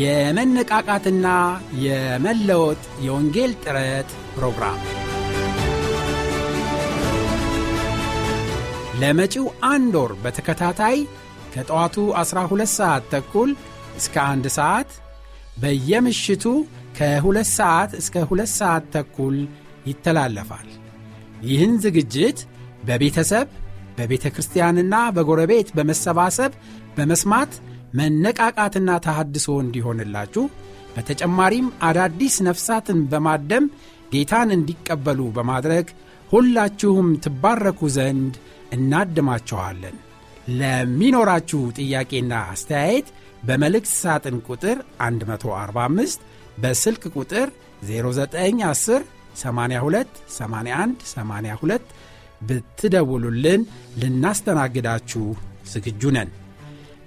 የመነቃቃትና የመለወጥ የወንጌል ጥረት ፕሮግራም ለመጪው አንድ ወር በተከታታይ ከጠዋቱ 12 ሰዓት ተኩል እስከ አንድ ሰዓት በየምሽቱ ከ2 ሰዓት እስከ 2 ሰዓት ተኩል ይተላለፋል። ይህን ዝግጅት በቤተሰብ በቤተ ክርስቲያንና በጎረቤት በመሰባሰብ በመስማት መነቃቃትና ተሃድሶ እንዲሆንላችሁ በተጨማሪም አዳዲስ ነፍሳትን በማደም ጌታን እንዲቀበሉ በማድረግ ሁላችሁም ትባረኩ ዘንድ እናድማችኋለን። ለሚኖራችሁ ጥያቄና አስተያየት በመልእክት ሳጥን ቁጥር 145 በስልክ ቁጥር 0910 82 81 82 ብትደውሉልን ልናስተናግዳችሁ ዝግጁ ነን።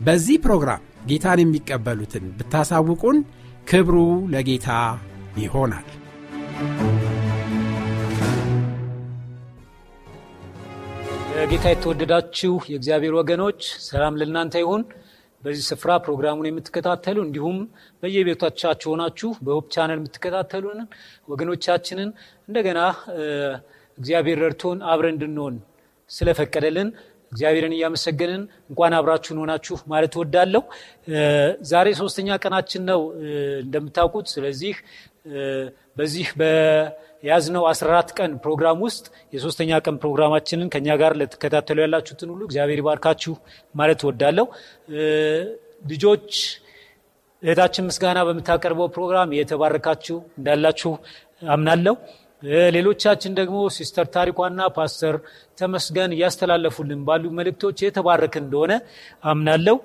በዚህ ፕሮግራም ጌታን የሚቀበሉትን ብታሳውቁን ክብሩ ለጌታ ይሆናል። ጌታ የተወደዳችሁ የእግዚአብሔር ወገኖች ሰላም ለእናንተ ይሁን። በዚህ ስፍራ ፕሮግራሙን የምትከታተሉ እንዲሁም በየቤቶቻችሁ ሆናችሁ በሆፕ ቻነል የምትከታተሉን ወገኖቻችንን እንደገና እግዚአብሔር ረድቶን አብረ እንድንሆን ስለፈቀደልን እግዚአብሔርን እያመሰገንን እንኳን አብራችሁን ሆናችሁ ማለት ወዳለው ዛሬ ሶስተኛ ቀናችን ነው እንደምታውቁት። ስለዚህ በዚህ በያዝነው 14 ቀን ፕሮግራም ውስጥ የሶስተኛ ቀን ፕሮግራማችንን ከኛ ጋር ለተከታተሉ ያላችሁትን ሁሉ እግዚአብሔር ይባርካችሁ ማለት ወዳለው ልጆች እህታችን ምስጋና በምታቀርበው ፕሮግራም የተባረካችሁ እንዳላችሁ አምናለሁ። ሌሎቻችን ደግሞ ሲስተር ታሪኳና ፓስተር ተመስገን እያስተላለፉልን ባሉ መልእክቶች የተባረክ እንደሆነ አምናለሁ።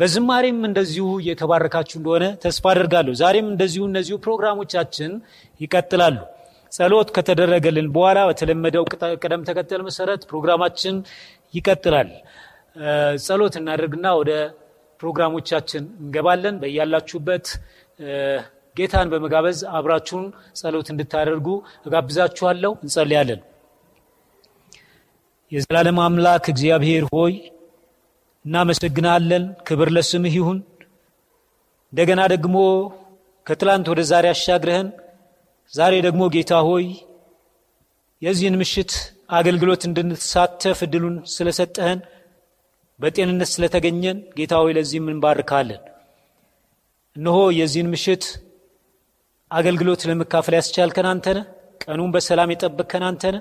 በዝማሬም እንደዚሁ እየተባረካችሁ እንደሆነ ተስፋ አደርጋለሁ። ዛሬም እንደዚሁ እነዚሁ ፕሮግራሞቻችን ይቀጥላሉ። ጸሎት ከተደረገልን በኋላ በተለመደው ቅደም ተከተል መሰረት ፕሮግራማችን ይቀጥላል። ጸሎት እናደርግና ወደ ፕሮግራሞቻችን እንገባለን። በያላችሁበት ጌታን በመጋበዝ አብራችሁን ጸሎት እንድታደርጉ እጋብዛችኋለሁ። እንጸልያለን። የዘላለም አምላክ እግዚአብሔር ሆይ እናመሰግናለን። ክብር ለስምህ ይሁን። እንደገና ደግሞ ከትላንት ወደ ዛሬ አሻግረህን ዛሬ ደግሞ ጌታ ሆይ የዚህን ምሽት አገልግሎት እንድንሳተፍ እድሉን ስለሰጠህን በጤንነት ስለተገኘን ጌታ ሆይ ለዚህም እንባርካለን። እነሆ የዚህን ምሽት አገልግሎት ለመካፈል ያስቻልከን አንተነ ቀኑን በሰላም የጠበቅከን አንተነ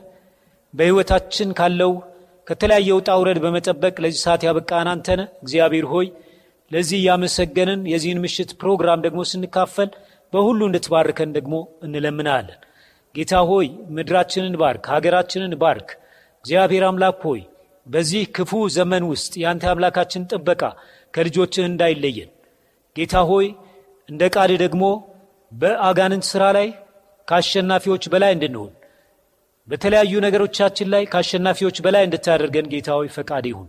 በሕይወታችን ካለው ከተለያየ ውጣ ውረድ በመጠበቅ ለዚህ ሰዓት ያበቃን አንተነ እግዚአብሔር ሆይ ለዚህ እያመሰገንን የዚህን ምሽት ፕሮግራም ደግሞ ስንካፈል በሁሉ እንድትባርከን ደግሞ እንለምናለን። ጌታ ሆይ ምድራችንን ባርክ፣ ሀገራችንን ባርክ። እግዚአብሔር አምላክ ሆይ በዚህ ክፉ ዘመን ውስጥ የአንተ አምላካችን ጥበቃ ከልጆችን እንዳይለየን ጌታ ሆይ እንደ ቃል ደግሞ በአጋንንት ስራ ላይ ከአሸናፊዎች በላይ እንድንሆን በተለያዩ ነገሮቻችን ላይ ከአሸናፊዎች በላይ እንድታደርገን ጌታዊ ፈቃድ ይሁን።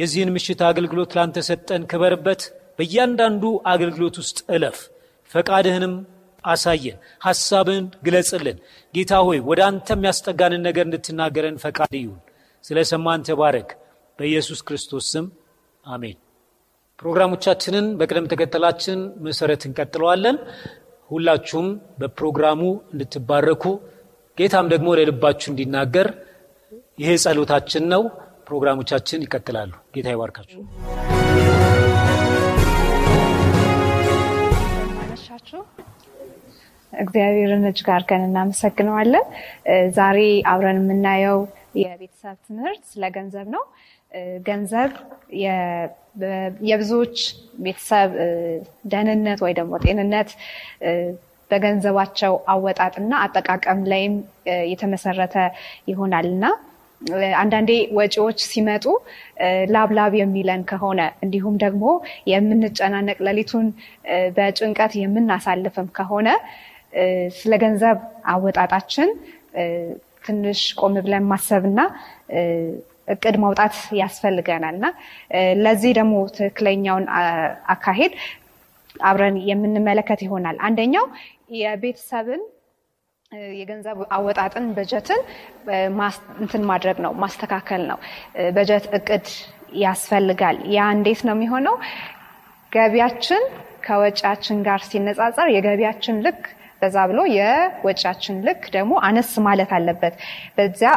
የዚህን ምሽት አገልግሎት ላንተ ሰጠን፣ ክበርበት። በእያንዳንዱ አገልግሎት ውስጥ እለፍ፣ ፈቃድህንም አሳየን፣ ሐሳብን ግለጽልን። ጌታ ሆይ ወደ አንተ የሚያስጠጋንን ነገር እንድትናገረን ፈቃድ ይሁን። ስለ ሰማን ተባረክ። በኢየሱስ ክርስቶስ ስም አሜን። ፕሮግራሞቻችንን በቅደም ተከተላችን መሰረት እንቀጥለዋለን። ሁላችሁም በፕሮግራሙ እንድትባረኩ ጌታም ደግሞ ለልባችሁ እንዲናገር ይሄ ጸሎታችን ነው። ፕሮግራሞቻችን ይቀጥላሉ። ጌታ ይባርካችሁ። አመሻችሁ። እግዚአብሔርን ጋር ከን እናመሰግነዋለን። ዛሬ አብረን የምናየው የቤተሰብ ትምህርት ስለ ገንዘብ ነው። ገንዘብ የብዙዎች ቤተሰብ ደህንነት ወይ ደግሞ ጤንነት በገንዘባቸው አወጣጥና አጠቃቀም ላይም የተመሰረተ ይሆናል እና አንዳንዴ ወጪዎች ሲመጡ ላብላብ የሚለን ከሆነ እንዲሁም ደግሞ የምንጨናነቅ ሌሊቱን በጭንቀት የምናሳልፍም ከሆነ ስለ ገንዘብ አወጣጣችን ትንሽ ቆም ብለን ማሰብና እቅድ ማውጣት ያስፈልገናል እና ለዚህ ደግሞ ትክክለኛውን አካሄድ አብረን የምንመለከት ይሆናል። አንደኛው የቤተሰብን የገንዘብ አወጣጥን በጀትን እንትን ማድረግ ነው፣ ማስተካከል ነው። በጀት እቅድ ያስፈልጋል። ያ እንዴት ነው የሚሆነው? ገቢያችን ከወጪያችን ጋር ሲነጻጸር የገቢያችን ልክ በዛ ብሎ የወጫችን ልክ ደግሞ አነስ ማለት አለበት። በዚያ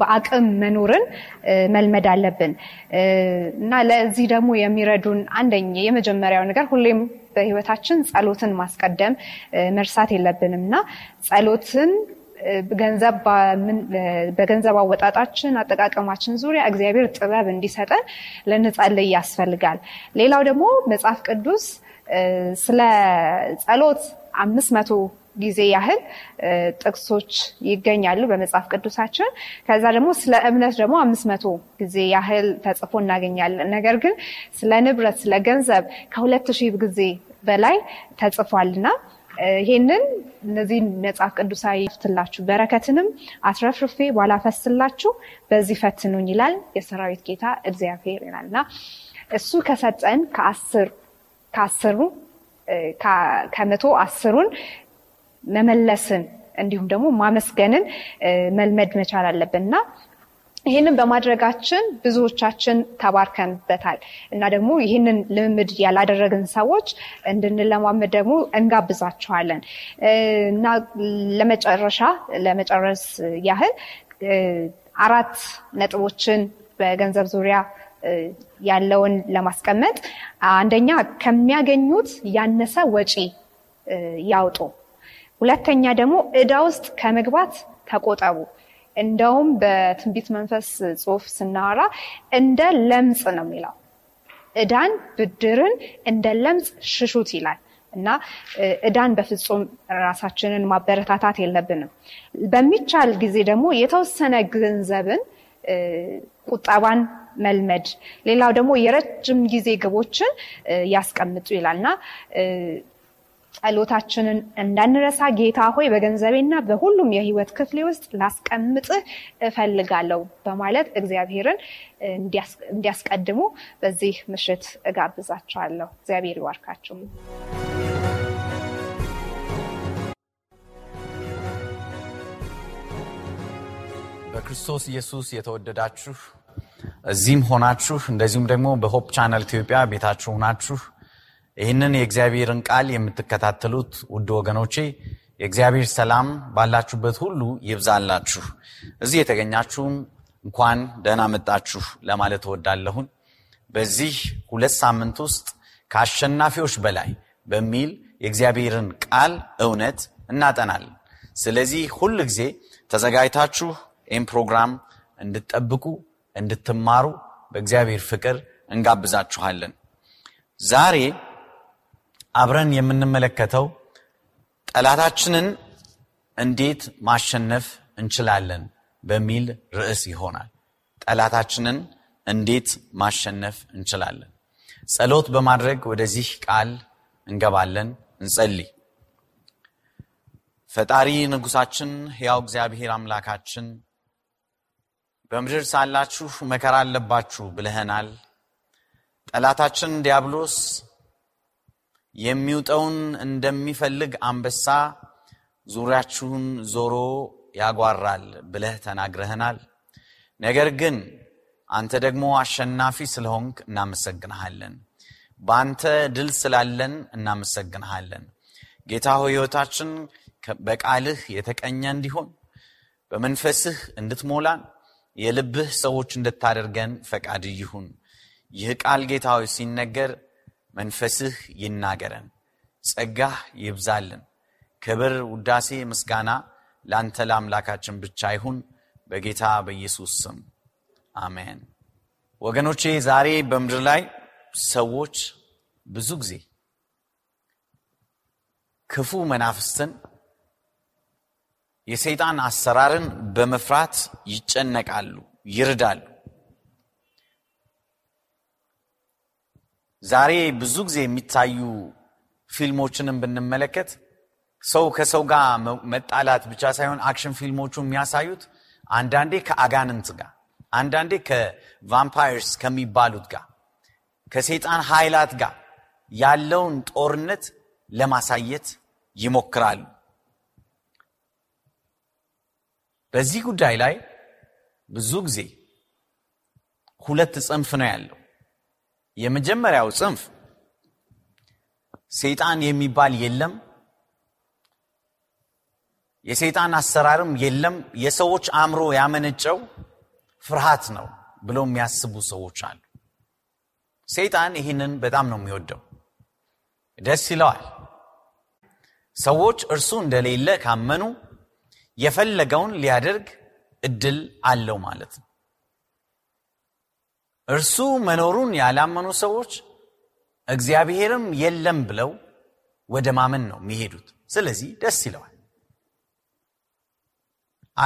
በአቅም መኖርን መልመድ አለብን እና ለዚህ ደግሞ የሚረዱን አንደኛ የመጀመሪያው ነገር ሁሌም በህይወታችን ጸሎትን ማስቀደም መርሳት የለብንም እና ጸሎትን በገንዘብ አወጣጣችን አጠቃቀማችን ዙሪያ እግዚአብሔር ጥበብ እንዲሰጠን ልንጸልይ ያስፈልጋል። ሌላው ደግሞ መጽሐፍ ቅዱስ ስለ ጸሎት አምስት መቶ ጊዜ ያህል ጥቅሶች ይገኛሉ በመጽሐፍ ቅዱሳችን። ከዛ ደግሞ ስለ እምነት ደግሞ አምስት መቶ ጊዜ ያህል ተጽፎ እናገኛለን። ነገር ግን ስለ ንብረት፣ ስለ ገንዘብ ከሁለት ሺህ ጊዜ በላይ ተጽፏልና ይሄንን እነዚህ መጽሐፍ ቅዱሳዊ ፍትላችሁ በረከትንም አትረፍርፌ ባላፈስላችሁ በዚህ ፈትኑኝ ይላል የሰራዊት ጌታ እግዚአብሔር ይላልና እሱ ከሰጠን ከአስር ከአስሩ ከመቶ አስሩን መመለስን እንዲሁም ደግሞ ማመስገንን መልመድ መቻል አለብን እና ይህንን በማድረጋችን ብዙዎቻችን ተባርከንበታል እና ደግሞ ይህንን ልምምድ ያላደረግን ሰዎች እንድንለማመድ ደግሞ እንጋብዛቸዋለን። እና ለመጨረሻ ለመጨረስ ያህል አራት ነጥቦችን በገንዘብ ዙሪያ ያለውን ለማስቀመጥ አንደኛ ከሚያገኙት ያነሰ ወጪ ያውጡ። ሁለተኛ ደግሞ እዳ ውስጥ ከመግባት ተቆጠቡ። እንደውም በትንቢት መንፈስ ጽሑፍ ስናወራ እንደ ለምጽ ነው የሚለው። እዳን ብድርን እንደ ለምጽ ሽሹት ይላል እና እዳን በፍጹም ራሳችንን ማበረታታት የለብንም። በሚቻል ጊዜ ደግሞ የተወሰነ ገንዘብን ቁጠባን መልመድ ሌላው ደግሞ የረጅም ጊዜ ግቦችን ያስቀምጡ ይላልና ጸሎታችንን እንዳንረሳ ጌታ ሆይ በገንዘቤና በሁሉም የህይወት ክፍሌ ውስጥ ላስቀምጥህ እፈልጋለው በማለት እግዚአብሔርን እንዲያስቀድሙ በዚህ ምሽት እጋብዛቸዋለሁ። እግዚአብሔር ይዋርካቸው በክርስቶስ ኢየሱስ የተወደዳችሁ እዚህም ሆናችሁ እንደዚሁም ደግሞ በሆፕ ቻናል ኢትዮጵያ ቤታችሁ ሆናችሁ ይህንን የእግዚአብሔርን ቃል የምትከታተሉት ውድ ወገኖቼ የእግዚአብሔር ሰላም ባላችሁበት ሁሉ ይብዛላችሁ። እዚህ የተገኛችሁም እንኳን ደህና መጣችሁ ለማለት እወዳለሁን። በዚህ ሁለት ሳምንት ውስጥ ከአሸናፊዎች በላይ በሚል የእግዚአብሔርን ቃል እውነት እናጠናለን። ስለዚህ ሁል ጊዜ ተዘጋጅታችሁ ይህም ፕሮግራም እንድትጠብቁ እንድትማሩ በእግዚአብሔር ፍቅር እንጋብዛችኋለን። ዛሬ አብረን የምንመለከተው ጠላታችንን እንዴት ማሸነፍ እንችላለን በሚል ርዕስ ይሆናል። ጠላታችንን እንዴት ማሸነፍ እንችላለን። ጸሎት በማድረግ ወደዚህ ቃል እንገባለን። እንጸልይ። ፈጣሪ ንጉሳችን፣ ሕያው እግዚአብሔር አምላካችን በምድር ሳላችሁ መከራ አለባችሁ ብለህናል። ጠላታችን ዲያብሎስ የሚውጠውን እንደሚፈልግ አንበሳ ዙሪያችሁን ዞሮ ያጓራል ብለህ ተናግረህናል። ነገር ግን አንተ ደግሞ አሸናፊ ስለሆንክ እናመሰግንሃለን። በአንተ ድል ስላለን እናመሰግንሃለን። ጌታ ህይወታችን በቃልህ የተቀኘ እንዲሆን በመንፈስህ እንድትሞላን የልብህ ሰዎች እንድታደርገን ፈቃድ ይሁን። ይህ ቃል ጌታዊ ሲነገር መንፈስህ ይናገረን፣ ጸጋህ ይብዛልን። ክብር፣ ውዳሴ፣ ምስጋና ለአንተ ለአምላካችን ብቻ ይሁን በጌታ በኢየሱስ ስም አሜን። ወገኖቼ ዛሬ በምድር ላይ ሰዎች ብዙ ጊዜ ክፉ መናፍስትን የሰይጣን አሰራርን በመፍራት ይጨነቃሉ፣ ይርዳሉ። ዛሬ ብዙ ጊዜ የሚታዩ ፊልሞችንም ብንመለከት ሰው ከሰው ጋር መጣላት ብቻ ሳይሆን አክሽን ፊልሞቹ የሚያሳዩት አንዳንዴ ከአጋንንት ጋር አንዳንዴ ከቫምፓይርስ ከሚባሉት ጋር ከሰይጣን ኃይላት ጋር ያለውን ጦርነት ለማሳየት ይሞክራሉ። በዚህ ጉዳይ ላይ ብዙ ጊዜ ሁለት ጽንፍ ነው ያለው። የመጀመሪያው ጽንፍ ሰይጣን የሚባል የለም፣ የሰይጣን አሰራርም የለም፣ የሰዎች አእምሮ ያመነጨው ፍርሃት ነው ብለው የሚያስቡ ሰዎች አሉ። ሰይጣን ይህንን በጣም ነው የሚወደው፣ ደስ ይለዋል። ሰዎች እርሱ እንደሌለ ካመኑ የፈለገውን ሊያደርግ እድል አለው ማለት ነው። እርሱ መኖሩን ያላመኑ ሰዎች እግዚአብሔርም የለም ብለው ወደ ማመን ነው የሚሄዱት። ስለዚህ ደስ ይለዋል።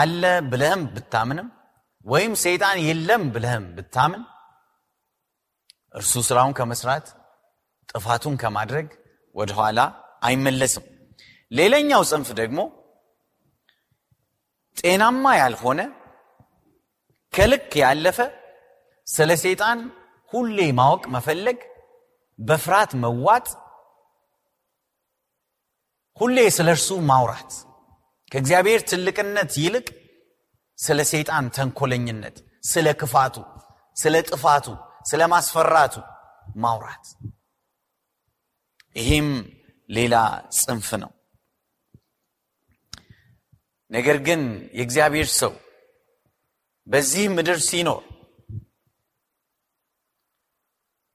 አለ ብለህም ብታምንም ወይም ሰይጣን የለም ብለህም ብታምን እርሱ ስራውን ከመስራት ጥፋቱን ከማድረግ ወደኋላ አይመለስም። ሌላኛው ጽንፍ ደግሞ ጤናማ ያልሆነ ከልክ ያለፈ ስለ ሰይጣን ሁሌ ማወቅ መፈለግ፣ በፍርሃት መዋጥ፣ ሁሌ ስለ እርሱ ማውራት ከእግዚአብሔር ትልቅነት ይልቅ ስለ ሰይጣን ተንኮለኝነት፣ ስለ ክፋቱ፣ ስለ ጥፋቱ፣ ስለ ማስፈራቱ ማውራት ይህም ሌላ ጽንፍ ነው። ነገር ግን የእግዚአብሔር ሰው በዚህ ምድር ሲኖር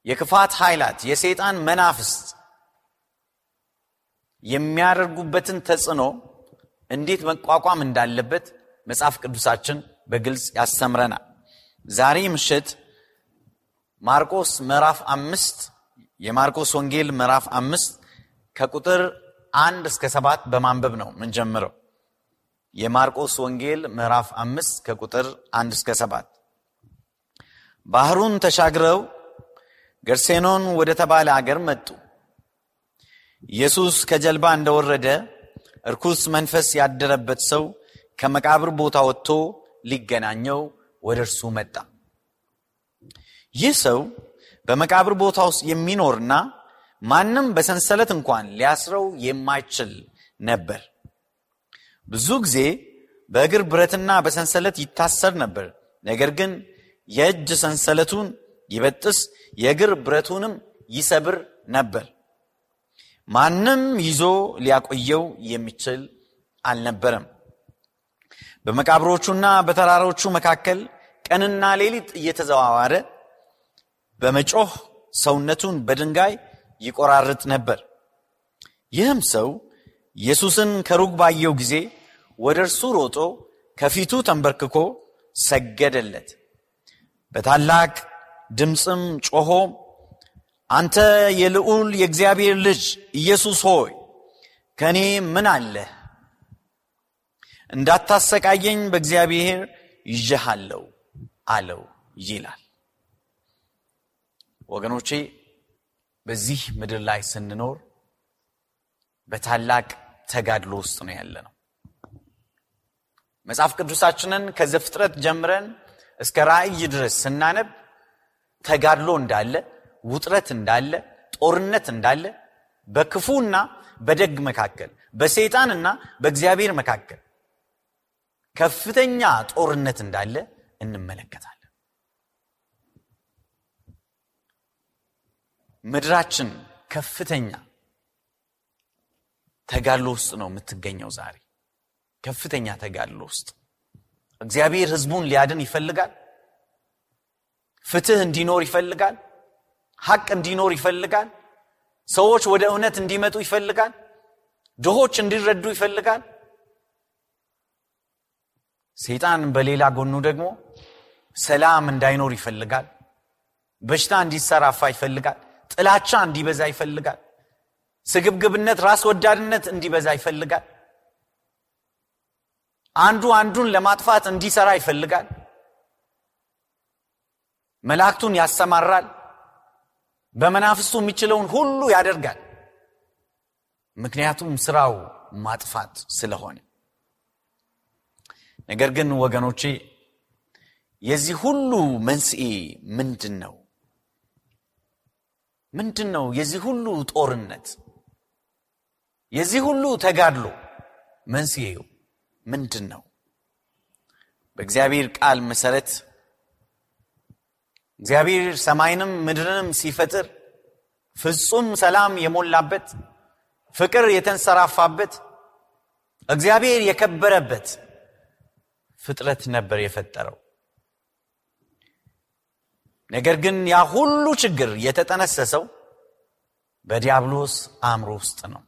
የክፋት ኃይላት የሰይጣን መናፍስት የሚያደርጉበትን ተጽዕኖ እንዴት መቋቋም እንዳለበት መጽሐፍ ቅዱሳችን በግልጽ ያስተምረናል ዛሬ ምሽት ማርቆስ ምዕራፍ አምስት የማርቆስ ወንጌል ምዕራፍ አምስት ከቁጥር አንድ እስከ ሰባት በማንበብ ነው ምንጀምረው የማርቆስ ወንጌል ምዕራፍ አምስት ከቁጥር አንድ እስከ ሰባት ባህሩን ተሻግረው ገርሴኖን ወደ ተባለ አገር መጡ ኢየሱስ ከጀልባ እንደወረደ እርኩስ መንፈስ ያደረበት ሰው ከመቃብር ቦታ ወጥቶ ሊገናኘው ወደ እርሱ መጣ ይህ ሰው በመቃብር ቦታ ውስጥ የሚኖርና ማንም በሰንሰለት እንኳን ሊያስረው የማይችል ነበር ብዙ ጊዜ በእግር ብረትና በሰንሰለት ይታሰር ነበር። ነገር ግን የእጅ ሰንሰለቱን ይበጥስ የእግር ብረቱንም ይሰብር ነበር። ማንም ይዞ ሊያቆየው የሚችል አልነበረም። በመቃብሮቹና በተራሮቹ መካከል ቀንና ሌሊት እየተዘዋዋረ በመጮህ ሰውነቱን በድንጋይ ይቆራርጥ ነበር። ይህም ሰው ኢየሱስን ከሩቅ ባየው ጊዜ ወደ እርሱ ሮጦ ከፊቱ ተንበርክኮ ሰገደለት። በታላቅ ድምፅም ጮሆ አንተ የልዑል የእግዚአብሔር ልጅ ኢየሱስ ሆይ ከእኔ ምን አለህ? እንዳታሰቃየኝ በእግዚአብሔር ይዥሃለው አለው ይላል። ወገኖቼ በዚህ ምድር ላይ ስንኖር በታላቅ ተጋድሎ ውስጥ ነው ያለ ነው። መጽሐፍ ቅዱሳችንን ከዘፍጥረት ጀምረን እስከ ራእይ ድረስ ስናነብ ተጋድሎ እንዳለ ውጥረት እንዳለ ጦርነት እንዳለ በክፉና በደግ መካከል በሰይጣንና በእግዚአብሔር መካከል ከፍተኛ ጦርነት እንዳለ እንመለከታለን ምድራችን ከፍተኛ ተጋድሎ ውስጥ ነው የምትገኘው ዛሬ ከፍተኛ ተጋድሎ ውስጥ እግዚአብሔር ህዝቡን ሊያድን ይፈልጋል ፍትህ እንዲኖር ይፈልጋል ሐቅ እንዲኖር ይፈልጋል ሰዎች ወደ እውነት እንዲመጡ ይፈልጋል ድሆች እንዲረዱ ይፈልጋል ሰይጣን በሌላ ጎኑ ደግሞ ሰላም እንዳይኖር ይፈልጋል በሽታ እንዲሰራፋ ይፈልጋል ጥላቻ እንዲበዛ ይፈልጋል ስግብግብነት ራስ ወዳድነት እንዲበዛ ይፈልጋል አንዱ አንዱን ለማጥፋት እንዲሰራ ይፈልጋል መላእክቱን ያሰማራል በመናፍስቱ የሚችለውን ሁሉ ያደርጋል ምክንያቱም ስራው ማጥፋት ስለሆነ ነገር ግን ወገኖቼ የዚህ ሁሉ መንስኤ ምንድን ነው ምንድን ነው የዚህ ሁሉ ጦርነት የዚህ ሁሉ ተጋድሎ መንስኤው ምንድን ነው? በእግዚአብሔር ቃል መሰረት እግዚአብሔር ሰማይንም ምድርንም ሲፈጥር ፍጹም ሰላም የሞላበት ፍቅር የተንሰራፋበት እግዚአብሔር የከበረበት ፍጥረት ነበር የፈጠረው። ነገር ግን ያ ሁሉ ችግር የተጠነሰሰው በዲያብሎስ አእምሮ ውስጥ ነው፣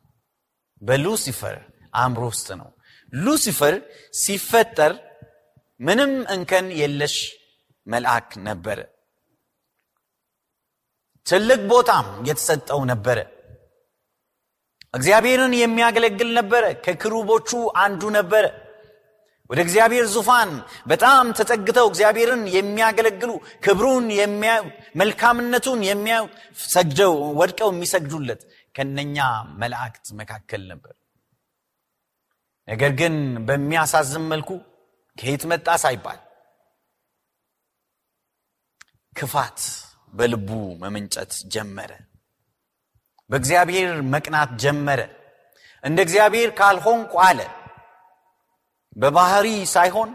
በሉሲፈር አእምሮ ውስጥ ነው። ሉሲፈር ሲፈጠር ምንም እንከን የለሽ መልአክ ነበረ ትልቅ ቦታም የተሰጠው ነበረ እግዚአብሔርን የሚያገለግል ነበረ ከክሩቦቹ አንዱ ነበረ ወደ እግዚአብሔር ዙፋን በጣም ተጠግተው እግዚአብሔርን የሚያገለግሉ ክብሩን መልካምነቱን የሚያዩ ሰግደው ወድቀው የሚሰግዱለት ከነኛ መላእክት መካከል ነበር ነገር ግን በሚያሳዝን መልኩ ከየት መጣ ሳይባል ክፋት በልቡ መመንጨት ጀመረ። በእግዚአብሔር መቅናት ጀመረ። እንደ እግዚአብሔር ካልሆንኩ አለ። በባህሪ ሳይሆን፣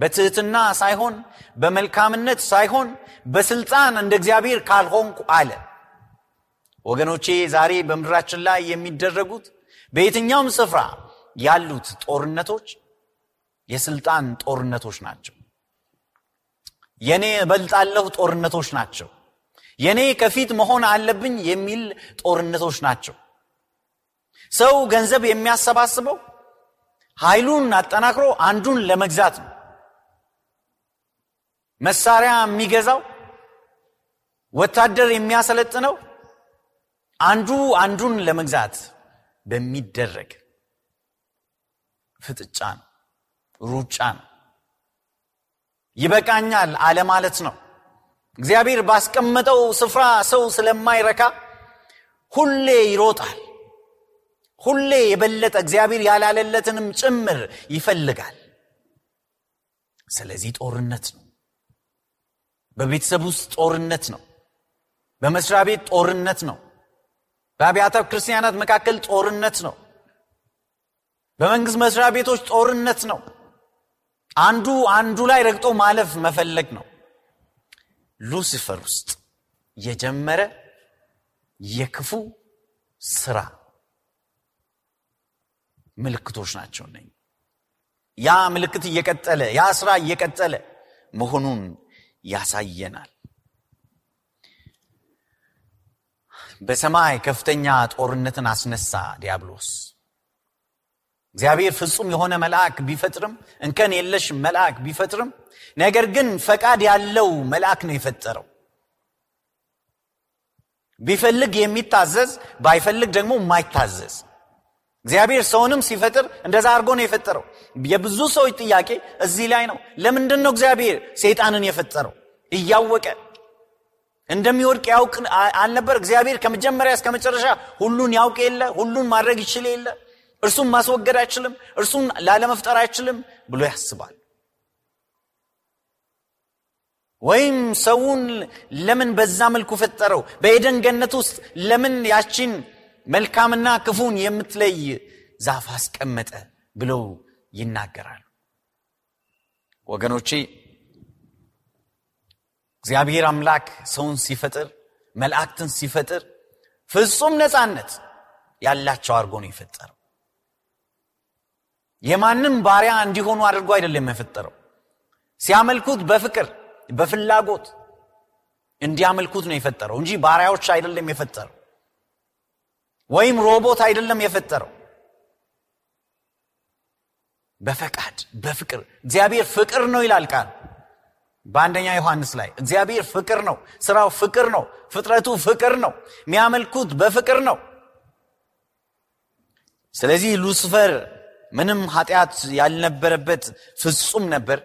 በትህትና ሳይሆን፣ በመልካምነት ሳይሆን፣ በስልጣን እንደ እግዚአብሔር ካልሆንኩ አለ። ወገኖቼ ዛሬ በምድራችን ላይ የሚደረጉት በየትኛውም ስፍራ ያሉት ጦርነቶች የስልጣን ጦርነቶች ናቸው። የኔ እበልጣለሁ ጦርነቶች ናቸው። የኔ ከፊት መሆን አለብኝ የሚል ጦርነቶች ናቸው። ሰው ገንዘብ የሚያሰባስበው ኃይሉን አጠናክሮ አንዱን ለመግዛት ነው። መሳሪያ የሚገዛው ወታደር የሚያሰለጥነው አንዱ አንዱን ለመግዛት በሚደረግ ፍጥጫ ነው ሩጫ ነው ይበቃኛል አለማለት ነው እግዚአብሔር ባስቀመጠው ስፍራ ሰው ስለማይረካ ሁሌ ይሮጣል ሁሌ የበለጠ እግዚአብሔር ያላለለትንም ጭምር ይፈልጋል ስለዚህ ጦርነት ነው በቤተሰብ ውስጥ ጦርነት ነው በመስሪያ ቤት ጦርነት ነው በአብያተ ክርስቲያናት መካከል ጦርነት ነው በመንግስት መስሪያ ቤቶች ጦርነት ነው አንዱ አንዱ ላይ ረግጦ ማለፍ መፈለግ ነው ሉሲፈር ውስጥ የጀመረ የክፉ ስራ ምልክቶች ናቸው ነ ያ ምልክት እየቀጠለ ያ ስራ እየቀጠለ መሆኑን ያሳየናል በሰማይ ከፍተኛ ጦርነትን አስነሳ ዲያብሎስ እግዚአብሔር ፍጹም የሆነ መልአክ ቢፈጥርም እንከን የለሽ መልአክ ቢፈጥርም ነገር ግን ፈቃድ ያለው መልአክ ነው የፈጠረው ቢፈልግ የሚታዘዝ ባይፈልግ ደግሞ የማይታዘዝ እግዚአብሔር ሰውንም ሲፈጥር እንደዛ አድርጎ ነው የፈጠረው የብዙ ሰዎች ጥያቄ እዚህ ላይ ነው ለምንድን ነው እግዚአብሔር ሰይጣንን የፈጠረው እያወቀ እንደሚወድቅ ያውቅ አልነበር እግዚአብሔር ከመጀመሪያ እስከ መጨረሻ ሁሉን ያውቅ የለ ሁሉን ማድረግ ይችል የለ እርሱን ማስወገድ አይችልም እርሱን ላለመፍጠር አይችልም ብሎ ያስባል ወይም ሰውን ለምን በዛ መልኩ ፈጠረው በኤደን ገነት ውስጥ ለምን ያቺን መልካምና ክፉን የምትለይ ዛፍ አስቀመጠ ብለው ይናገራል። ወገኖቼ እግዚአብሔር አምላክ ሰውን ሲፈጥር መላእክትን ሲፈጥር ፍጹም ነፃነት ያላቸው አድርጎ ነው የፈጠረው የማንም ባሪያ እንዲሆኑ አድርጎ አይደለም የፈጠረው ሲያመልኩት በፍቅር በፍላጎት እንዲያመልኩት ነው የፈጠረው እንጂ ባሪያዎች አይደለም የፈጠረው ወይም ሮቦት አይደለም የፈጠረው በፈቃድ በፍቅር እግዚአብሔር ፍቅር ነው ይላል ቃል በአንደኛ ዮሐንስ ላይ እግዚአብሔር ፍቅር ነው ስራው ፍቅር ነው ፍጥረቱ ፍቅር ነው የሚያመልኩት በፍቅር ነው ስለዚህ ሉስፈር ምንም ኃጢአት ያልነበረበት ፍጹም ነበር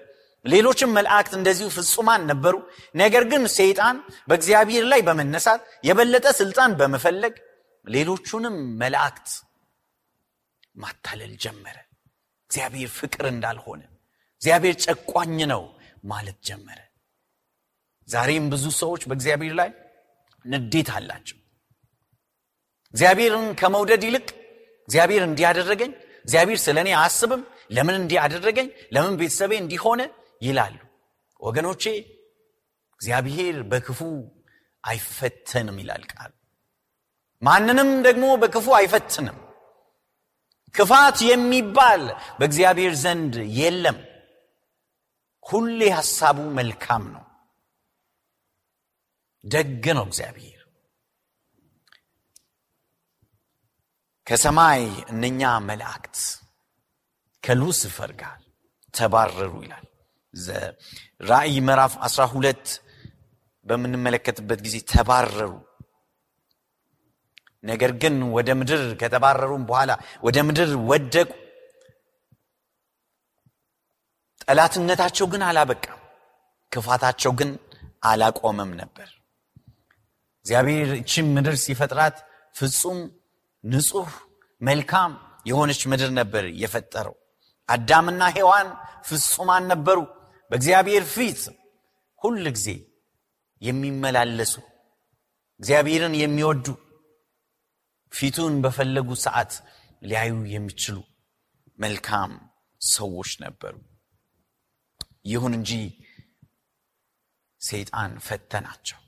ሌሎችም መላእክት እንደዚሁ ፍጹማን ነበሩ ነገር ግን ሰይጣን በእግዚአብሔር ላይ በመነሳት የበለጠ ስልጣን በመፈለግ ሌሎቹንም መላእክት ማታለል ጀመረ እግዚአብሔር ፍቅር እንዳልሆነ እግዚአብሔር ጨቋኝ ነው ማለት ጀመረ ዛሬም ብዙ ሰዎች በእግዚአብሔር ላይ ንዴት አላቸው እግዚአብሔርን ከመውደድ ይልቅ እግዚአብሔር እንዲያደረገኝ እግዚአብሔር ስለ እኔ አያስብም፣ ለምን እንዲህ አደረገኝ፣ ለምን ቤተሰቤ እንዲሆነ ይላሉ። ወገኖቼ እግዚአብሔር በክፉ አይፈተንም ይላል ቃል። ማንንም ደግሞ በክፉ አይፈትንም። ክፋት የሚባል በእግዚአብሔር ዘንድ የለም። ሁሌ ሐሳቡ መልካም ነው፣ ደግ ነው እግዚአብሔር ከሰማይ እነኛ መላእክት ከሉስፈር ጋር ተባረሩ ይላል ራእይ ምዕራፍ 12 በምንመለከትበት ጊዜ ተባረሩ ነገር ግን ወደ ምድር ከተባረሩም በኋላ ወደ ምድር ወደቁ ጠላትነታቸው ግን አላበቃም ክፋታቸው ግን አላቆመም ነበር እግዚአብሔር እቺም ምድር ሲፈጥራት ፍጹም ንጹህ መልካም የሆነች ምድር ነበር የፈጠረው አዳምና ሔዋን ፍጹማን ነበሩ በእግዚአብሔር ፊት ሁል ጊዜ የሚመላለሱ እግዚአብሔርን የሚወዱ ፊቱን በፈለጉ ሰዓት ሊያዩ የሚችሉ መልካም ሰዎች ነበሩ ይሁን እንጂ ሰይጣን ፈተናቸው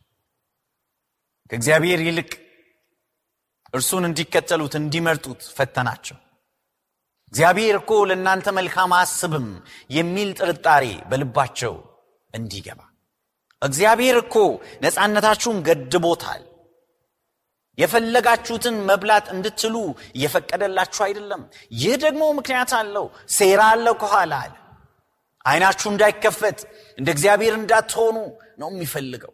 ከእግዚአብሔር ይልቅ እርሱን እንዲከተሉት እንዲመርጡት ፈተናቸው። እግዚአብሔር እኮ ለእናንተ መልካም አስብም የሚል ጥርጣሬ በልባቸው እንዲገባ እግዚአብሔር እኮ ነፃነታችሁን ገድቦታል፣ የፈለጋችሁትን መብላት እንድትሉ እየፈቀደላችሁ አይደለም። ይህ ደግሞ ምክንያት አለው፣ ሴራ አለው ከኋላ አለ። አይናችሁ እንዳይከፈት እንደ እግዚአብሔር እንዳትሆኑ ነው የሚፈልገው።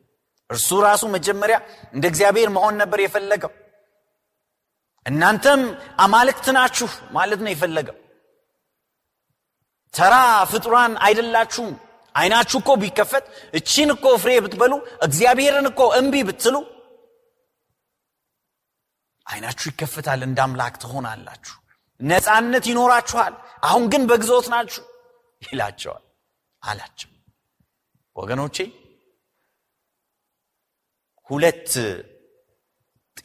እርሱ ራሱ መጀመሪያ እንደ እግዚአብሔር መሆን ነበር የፈለገው። እናንተም አማልክት ናችሁ ማለት ነው የፈለገው ተራ ፍጡራን አይደላችሁም አይናችሁ እኮ ቢከፈት እቺን እኮ ፍሬ ብትበሉ እግዚአብሔርን እኮ እምቢ ብትሉ አይናችሁ ይከፈታል እንደ አምላክ ትሆናላችሁ ነፃነት ይኖራችኋል አሁን ግን በግዞት ናችሁ ይላቸዋል አላቸው ወገኖቼ ሁለት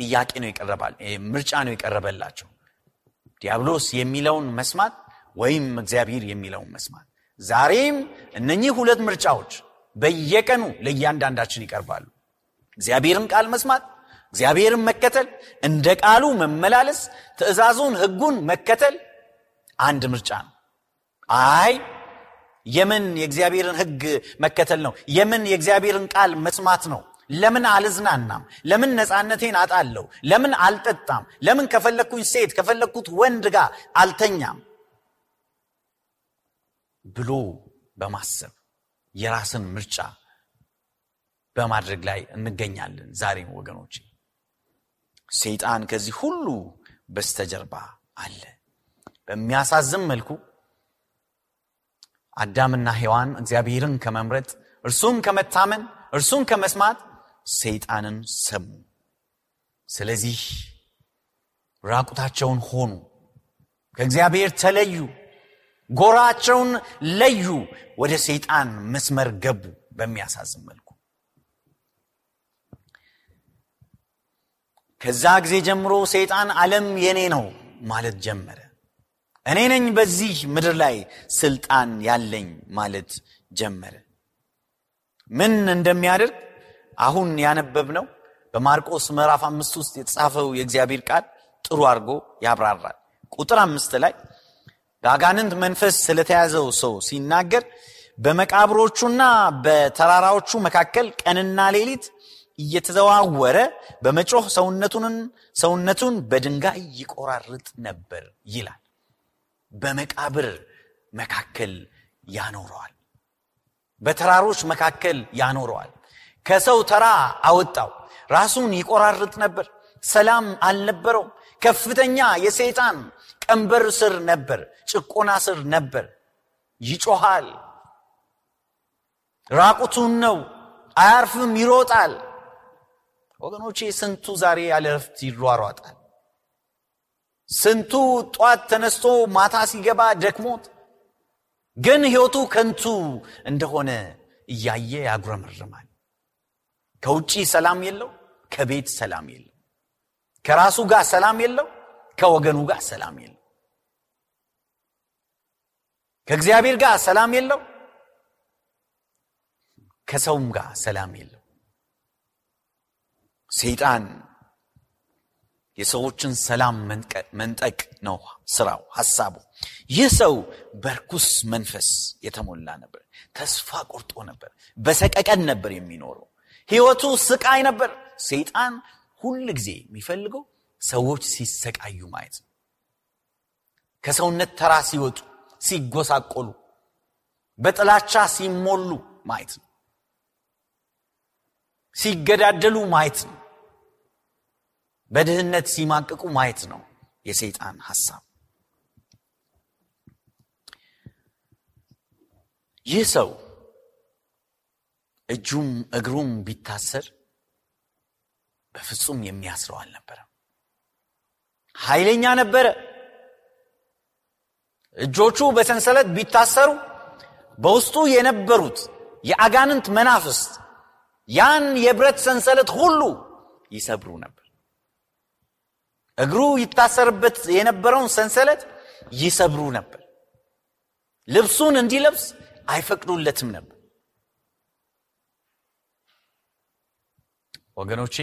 ጥያቄ ነው ይቀረባል ምርጫ ነው የቀረበላቸው ዲያብሎስ የሚለውን መስማት ወይም እግዚአብሔር የሚለውን መስማት ዛሬም እነኚህ ሁለት ምርጫዎች በየቀኑ ለእያንዳንዳችን ይቀርባሉ እግዚአብሔርን ቃል መስማት እግዚአብሔርን መከተል እንደ ቃሉ መመላለስ ትእዛዙን ህጉን መከተል አንድ ምርጫ ነው አይ የምን የእግዚአብሔርን ህግ መከተል ነው የምን የእግዚአብሔርን ቃል መስማት ነው ለምን አልዝናናም? ለምን ነፃነቴን አጣለው ለምን አልጠጣም? ለምን ከፈለግኩኝ ሴት ከፈለግኩት ወንድ ጋር አልተኛም? ብሎ በማሰብ የራስን ምርጫ በማድረግ ላይ እንገኛለን። ዛሬም ወገኖች ሰይጣን ከዚህ ሁሉ በስተጀርባ አለ። በሚያሳዝን መልኩ አዳምና ሔዋን እግዚአብሔርን ከመምረጥ እርሱን ከመታመን እርሱን ከመስማት ሰይጣንን ሰሙ ስለዚህ ራቁታቸውን ሆኑ ከእግዚአብሔር ተለዩ ጎራቸውን ለዩ ወደ ሰይጣን መስመር ገቡ በሚያሳዝን መልኩ ከዛ ጊዜ ጀምሮ ሰይጣን አለም የኔ ነው ማለት ጀመረ እኔ ነኝ በዚህ ምድር ላይ ስልጣን ያለኝ ማለት ጀመረ ምን እንደሚያደርግ አሁን ያነበብነው በማርቆስ ምዕራፍ አምስት ውስጥ የተጻፈው የእግዚአብሔር ቃል ጥሩ አድርጎ ያብራራል ቁጥር አምስት ላይ በአጋንንት መንፈስ ስለተያዘው ሰው ሲናገር በመቃብሮቹና በተራራዎቹ መካከል ቀንና ሌሊት እየተዘዋወረ በመጮህ ሰውነቱን ሰውነቱን በድንጋይ ይቆራርጥ ነበር ይላል በመቃብር መካከል ያኖረዋል በተራሮች መካከል ያኖረዋል ከሰው ተራ አወጣው ራሱን ይቆራርጥ ነበር ሰላም አልነበረው ከፍተኛ የሰይጣን ቀንበር ስር ነበር ጭቆና ስር ነበር ይጮሃል ራቁቱን ነው አያርፍም ይሮጣል ወገኖቼ ስንቱ ዛሬ ያለረፍት ይሯሯጣል ስንቱ ጧት ተነስቶ ማታ ሲገባ ደክሞት ግን ህይወቱ ከንቱ እንደሆነ እያየ ያጉረመርማል ከውጪ ሰላም የለው፣ ከቤት ሰላም የለው፣ ከራሱ ጋር ሰላም የለው፣ ከወገኑ ጋር ሰላም የለው፣ ከእግዚአብሔር ጋር ሰላም የለው፣ ከሰውም ጋር ሰላም የለው። ሰይጣን የሰዎችን ሰላም መንጠቅ ነው ስራው፣ ሐሳቡ። ይህ ሰው በርኩስ መንፈስ የተሞላ ነበር። ተስፋ ቆርጦ ነበር። በሰቀቀን ነበር የሚኖረው። ህይወቱ ስቃይ ነበር። ሰይጣን ሁል ጊዜ የሚፈልገው ሰዎች ሲሰቃዩ ማየት ነው። ከሰውነት ተራ ሲወጡ፣ ሲጎሳቆሉ፣ በጥላቻ ሲሞሉ ማየት ነው። ሲገዳደሉ ማየት ነው። በድህነት ሲማቅቁ ማየት ነው የሰይጣን ሐሳብ። ይህ ሰው እጁም እግሩም ቢታሰር በፍጹም የሚያስረው አልነበረም። ኃይለኛ ነበረ። እጆቹ በሰንሰለት ቢታሰሩ በውስጡ የነበሩት የአጋንንት መናፍስት ያን የብረት ሰንሰለት ሁሉ ይሰብሩ ነበር። እግሩ ይታሰርበት የነበረውን ሰንሰለት ይሰብሩ ነበር። ልብሱን እንዲለብስ አይፈቅዱለትም ነበር። ወገኖቼ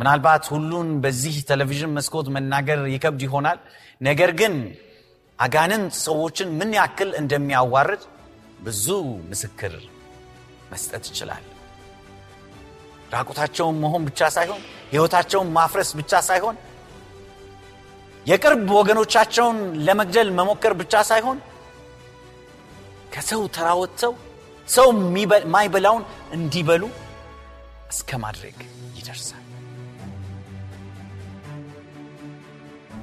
ምናልባት ሁሉን በዚህ ቴሌቪዥን መስኮት መናገር ይከብድ ይሆናል። ነገር ግን አጋንንት ሰዎችን ምን ያክል እንደሚያዋርድ ብዙ ምስክር መስጠት ይችላል። ራቁታቸውን መሆን ብቻ ሳይሆን ሕይወታቸውን ማፍረስ ብቻ ሳይሆን የቅርብ ወገኖቻቸውን ለመግደል መሞከር ብቻ ሳይሆን ከሰው ተራወጥተው ሰው የማይበላውን እንዲበሉ እስከ ማድረግ ይደርሳል።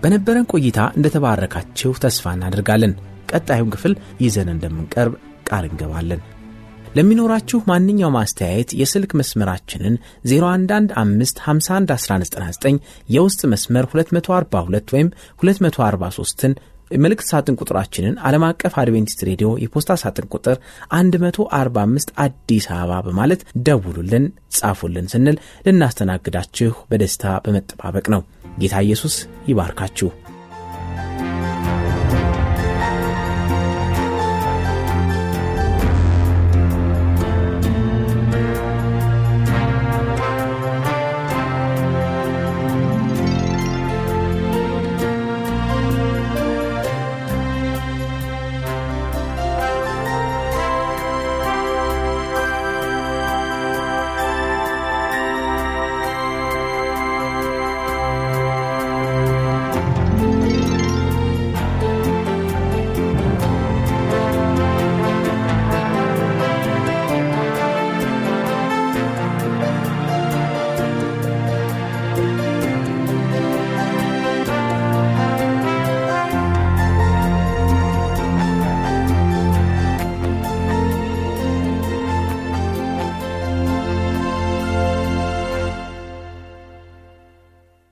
በነበረን ቆይታ እንደተባረካችሁ ተስፋ እናደርጋለን። ቀጣዩን ክፍል ይዘን እንደምንቀርብ ቃል እንገባለን። ለሚኖራችሁ ማንኛው ማስተያየት የስልክ መስመራችንን 011551199 የውስጥ መስመር 242 ወይም 243ን መልእክት ሳጥን ቁጥራችንን ዓለም አቀፍ አድቬንቲስት ሬዲዮ የፖስታ ሳጥን ቁጥር 145 አዲስ አበባ በማለት ደውሉልን፣ ጻፉልን ስንል ልናስተናግዳችሁ በደስታ በመጠባበቅ ነው። ጌታ ኢየሱስ ይባርካችሁ።